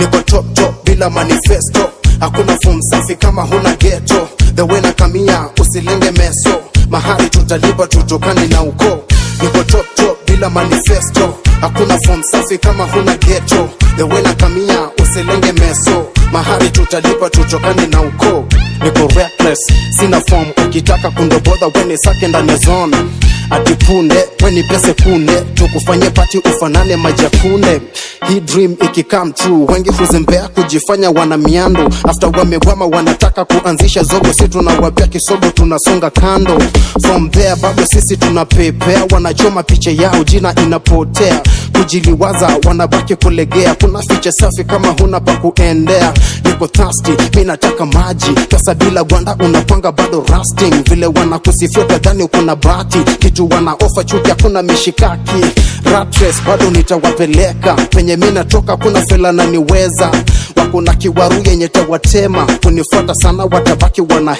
niko top top bila manifesto, hakuna form safi kama huna ghetto. The way na kamia usilinge meso, mahali tutalipa tutokani na uko. Niko top top bila manifesto, hakuna form safi kama huna ghetto. The way na kamia usilinge meso, mahali tutalipa tutokani na uko. Niko reckless, sina form, ukitaka kundobodha weni sake ndani zone atipunde weni pese kunde tukufanye pati ufanane majakune hii dream ikikam true, wengi huzembea kujifanya wana miando, after wamegwama wanataka kuanzisha zogo, si tunawapia kisogo, tunasonga kando from there, bado sisi tunapepea, wanachoma picha yao, jina inapotea kujiliwaza, wanabaki kulegea. Kuna fiche safi kama huna pa kuendea. Niko thirsty, mi nataka maji, pesa bila gwanda unapanga bado rusting. Vile wanakusifia kadhani kuna bati kitu wana ofa chuki, hakuna mishikaki. Rat race bado nitawapeleka penye mi natoka, kuna fela na niweza, wakuna kiwaru yenye tawatema, kunifuata sana watabaki wana